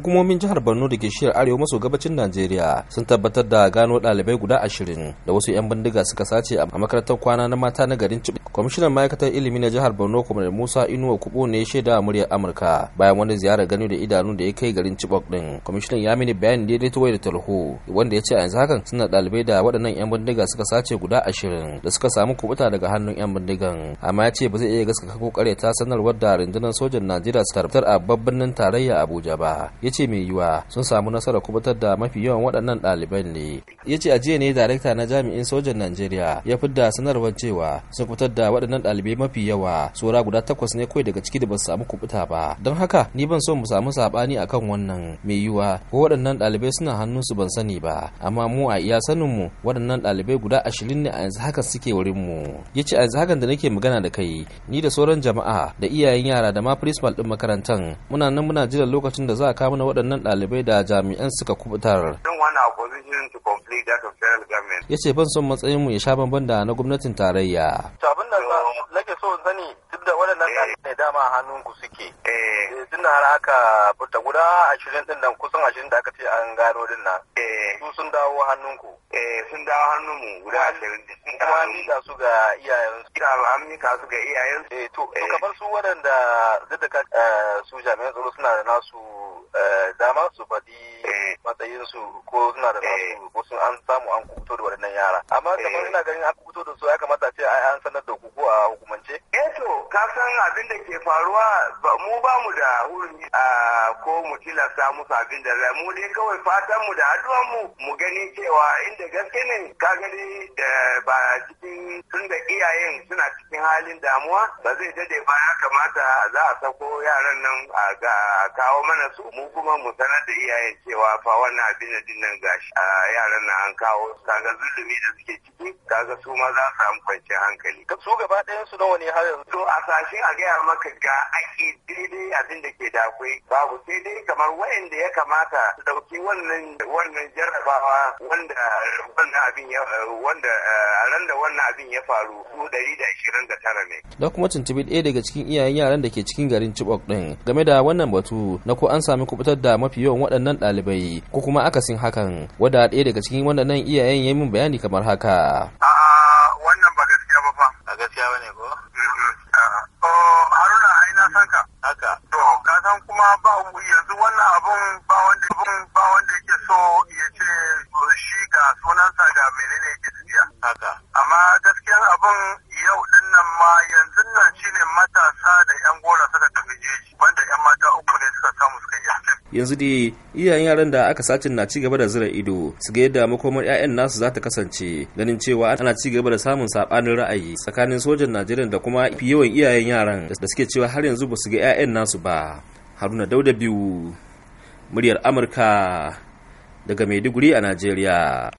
hukumomin jihar borno da ke shiyar arewa maso gabacin najeriya sun tabbatar da gano ɗalibai guda ashirin da wasu 'yan bindiga suka sace a makarantar kwana na mata na garin cibi kwamishinan ma'aikatar ilimi na jihar borno da musa inuwa kubo ne shaida a muryar amurka bayan wani ziyarar gani da idanu da ya kai garin cibok din kwamishinan ya mini bayani daidai ta wayar talho wanda ya ce a yanzu hakan suna ɗalibai da waɗannan 'yan bindiga suka sace guda ashirin da suka samu kubuta daga hannun 'yan bindigan amma ya ce ba zai iya gaskaka ko ta sanarwar da rundunar sojan najeriya su tarbatar a babban tarayya abuja ba ya ya ce mai yiwa sun samu nasarar kubutar da mafi yawan waɗannan ɗaliban ne ya ce a jiya ne darakta na jami'in sojan najeriya ya da sanarwar cewa sun kubutar da waɗannan ɗalibai mafi yawa tsora guda takwas ne kawai daga ciki da ba su samu kubuta ba don haka ni ban so mu samu saɓani akan wannan mai yiwa ko waɗannan ɗalibai suna su ban sani ba amma mu a iya mu waɗannan ɗalibai guda ashirin ne a yanzu haka suke wurinmu ya ce a yanzu hakan da nake magana da kai ni da sauran jama'a da iyayen yara da ma principal ɗin makarantar muna nan muna jiran lokacin da za a taimaka mana waɗannan ɗalibai da jami'an suka kubutar. Ya ce ban son matsayinmu ya sha banban da na gwamnatin tarayya. Abin da nake so sani duk da waɗannan eh. ne dama hannun ku suke. Eh. Eh, tun har aka fita guda ashirin ɗin nan kusan ashirin da aka ce an gano din nan. Su sun dawo hannun ku. sun dawo hannun guda ashirin. Kuma an mika su ga iyayensu. An mika su ga iyayensu. To kamar su waɗanda duk da su jami'an tsaro suna da nasu Eh, dama su faɗi eh. matsayinsu ko suna da nasu eh. ko sun an samu an kubuto da waɗannan yara amma kamar ina ganin an kubuto da su ya kamata ce an sanar da ku ko a hukumance ka san abin da ke faruwa mu ba mu da hurumi a ko mu tilasta musu abin da mu dai kawai fatan mu da addu'an mu mu gani cewa inda gaske ne ka gani da ba cikin tun da iyayen suna cikin halin damuwa ba zai dade ba ya kamata za a sako yaran nan a kawo mana su mu kuma mu sanar da iyayen cewa fa wannan abin da nan gashi a yaran nan an kawo kaga zulumi da suke ciki kaga su ma za su samu kwanciyar hankali su gaba ɗayan su nawa ne har yanzu hasashe a gaya maka ga ake daidai abin da ke da akwai babu daidai dai kamar wayanda ya kamata su dauki wannan wannan jarrabawa wanda wannan abin ya wanda eh, a ran da wannan abin ya faru su 129 ne Da kuma tuntubi ɗaya daga cikin iyayen yaran da ke cikin garin Chibok din game da wannan batu na ko an sami kubutar da mafi yawan waɗannan ɗalibai ko kuma akasin hakan wadda ɗaya daga cikin waɗannan iyayen ya min bayani kamar haka a'a wannan ba gaskiya ba fa ba gaskiya ne ko haka haka to ka san kuma ba yanzu wannan abun ba wanda ba wanda yake so ya ce shi ga sunansa ga menene yake tafiya haka amma gaskiyan abun yau din nan ma yanzu nan shi yanzu dai iyayen yaran da aka sace na cigaba da zira ido su ga yadda makomar 'ya'yan nasu za ta kasance ganin cewa ana cigaba da samun sabanin ra'ayi tsakanin sojan najeriya da kuma fi yawan iyayen yaran da suke cewa har yanzu ba su ga 'ya'yan nasu ba haruna dauda biyu muryar amurka daga maiduguri a najeriya